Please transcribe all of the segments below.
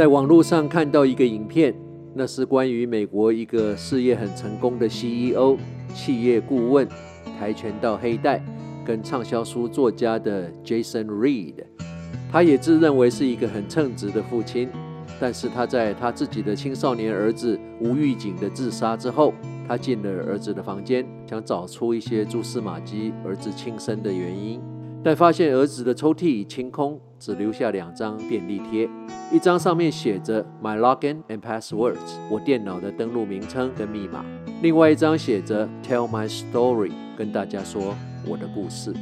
在網絡上看到一個影片，那是關於美國一個事業很成功的 CEO、企業顧問、跆拳道黑帶跟暢銷書作家的 Jason Reid。他也自認為是一個很稱職的父親，但是他在他自己的青少年兒子無預警的自殺之後，他進了兒子的房間，想找出一些蛛絲馬跡，兒子輕生的原因。但發現兒子的抽屜已清空，只留下兩張便利貼，一張上面寫着 “my login and passwords”（ 我電腦的登錄名稱跟密碼），另外一張寫着 “tell my story”（ 跟大家說我的故事）。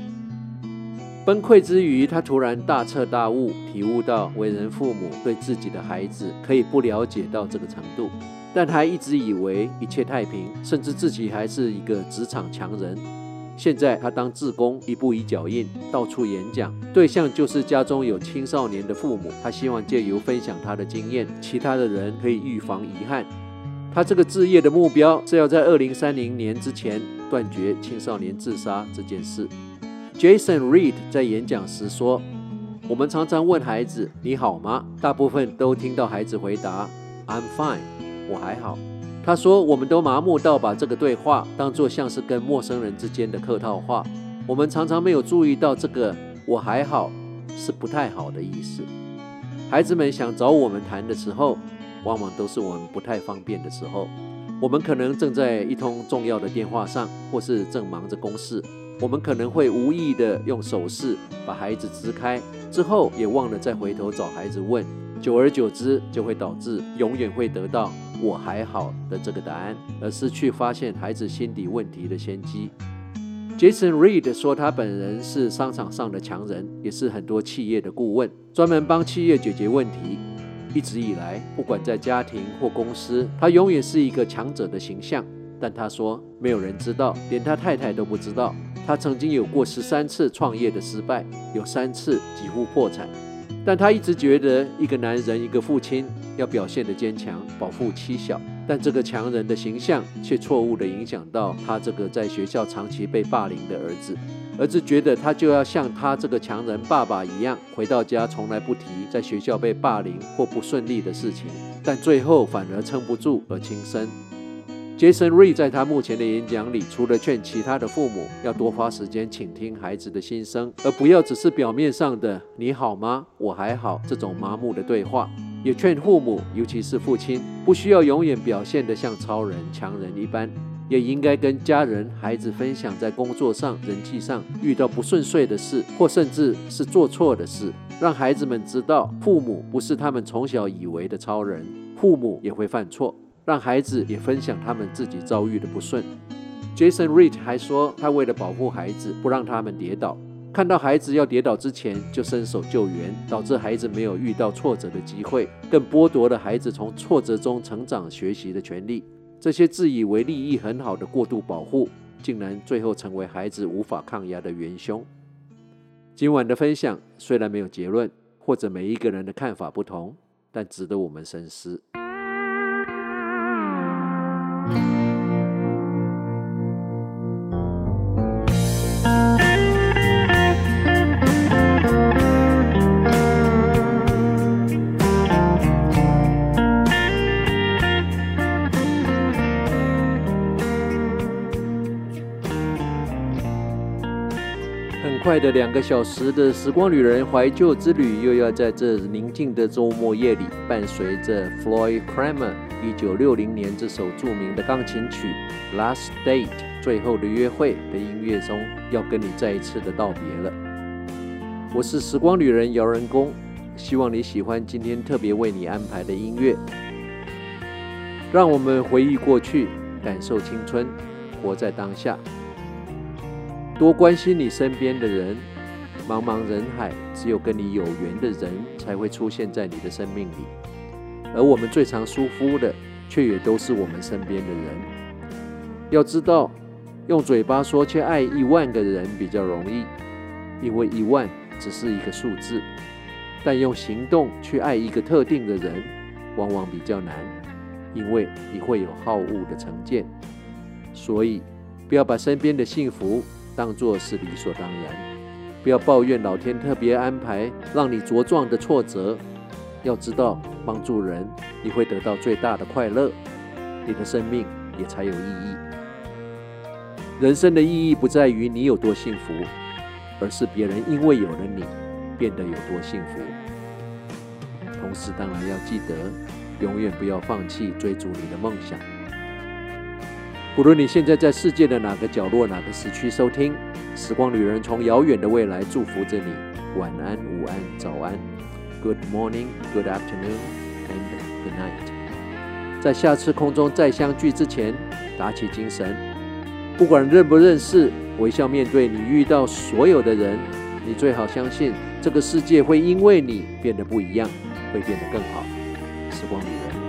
崩潰之餘，他突然大徹大悟，體悟到為人父母對自己的孩子可以不了解到這個程度，但他一直以為一切太平，甚至自己還是一個職場強人。現在他當志工，一步一腳印，到處演講，對象就是家中有青少年的父母。他希望借由分享他的經驗，其他的人可以預防遺憾。他這個志業的目標是要在二零三零年之前斷絕青少年自殺這件事。Jason Reid 在演講時說：“我們常常問孩子你好嗎？大部分都聽到孩子回答 ‘I'm fine，我還好’。”他說：“我們都麻木到把這個對話當作像是跟陌生人之間的客套話。我們常常沒有注意到這個‘我還好’是不太好的意思。孩子們想找我們談的時候，往往都是我們不太方便的時候。我們可能正在一通重要的電話上，或是正忙着公事。我們可能會無意地用手勢把孩子支開，之後也忘了再回頭找孩子問。”久而久之，就會導致永遠會得到“我還好”的這個答案，而失去發現孩子心底問題的先機。Jason Reid 說，他本人是商場上的強人，也是很多企業的顧問，專門幫企業解決問題。一直以來，不管在家庭或公司，他永遠是一個強者的形象。但他說，沒有人知道，連他太太都不知道，他曾經有過十三次創業的失敗，有三次幾乎破產。但他一直覺得，一個男人，一個父親，要表現得堅強，保護妻小。但這個強人的形象，卻錯誤地影響到他這個在學校長期被霸凌的兒子。兒子覺得他就要像他這個強人爸爸一樣，回到家從來不提在學校被霸凌或不順利的事情。但最後反而撐不住而輕生。Jason Reid 在他目前的演講裡，除了勸其他的父母要多花時間傾聽孩子的心聲，而不要只是表面上的“你好嗎？我還好”這種麻木的對話，也勸父母，尤其是父親，不需要永遠表現得像超人、強人一般，也應該跟家人、孩子分享在工作上、人際上遇到不順遂的事，或甚至是做錯的事，讓孩子們知道父母不是他們從小以為的超人，父母也會犯錯。讓孩子也分享他們自己遭遇的不順。Jason Reid 還說，他為了保護孩子，不讓他們跌倒，看到孩子要跌倒之前就伸手救援，導致孩子沒有遇到挫折的機會，更剝奪了孩子從挫折中成長、學習的權利。這些自以為立意很好的過度保護，竟然最後成為孩子無法抗壓的元凶。今晚的分享雖然沒有結論，或者每一個人的看法不同，但值得我們深思。很快的兩個小時的時光旅人懷舊之旅，又要在這寧靜的週末夜裡，伴隨着 Floyd Kramer。一九六零年，這首著名的鋼琴曲《Last Date》（最後的約會）的音樂中，要跟你再一次的道別了。我是時光旅人姚仁恭，希望你喜歡今天特別為你安排的音樂。讓我們回憶過去，感受青春，活在當下，多關心你身邊的人。茫茫人海，只有跟你有緣的人才會出現在你的生命裡。而我們最常疏忽的，卻也都是我們身邊的人。要知道，用嘴巴說去愛一萬個人比較容易，因為一萬只是一個數字；但用行動去愛一個特定的人，往往比較難，因為你會有好惡的成見。所以，不要把身邊的幸福當作是理所當然，不要抱怨老天特別安排讓你茁壯的挫折。要知道。幫助人，你會得到最大的快樂，你的生命也才有意義。人生的意義不在於你有多幸福，而是別人因為有了你，變得有多幸福。同時，當然要記得，永遠不要放棄追逐你的夢想。不論你現在在世界的哪個角落、哪個時區收聽，時光旅人從遙遠的未來祝福着你。晚安，午安，早安。Good morning, good afternoon, and good night。在下次空中再相聚之前，打起精神。不管認不認識，微笑面對你遇到所有的人。你最好相信，這個世界會因為你變得不一樣，會變得更好。時光旅人。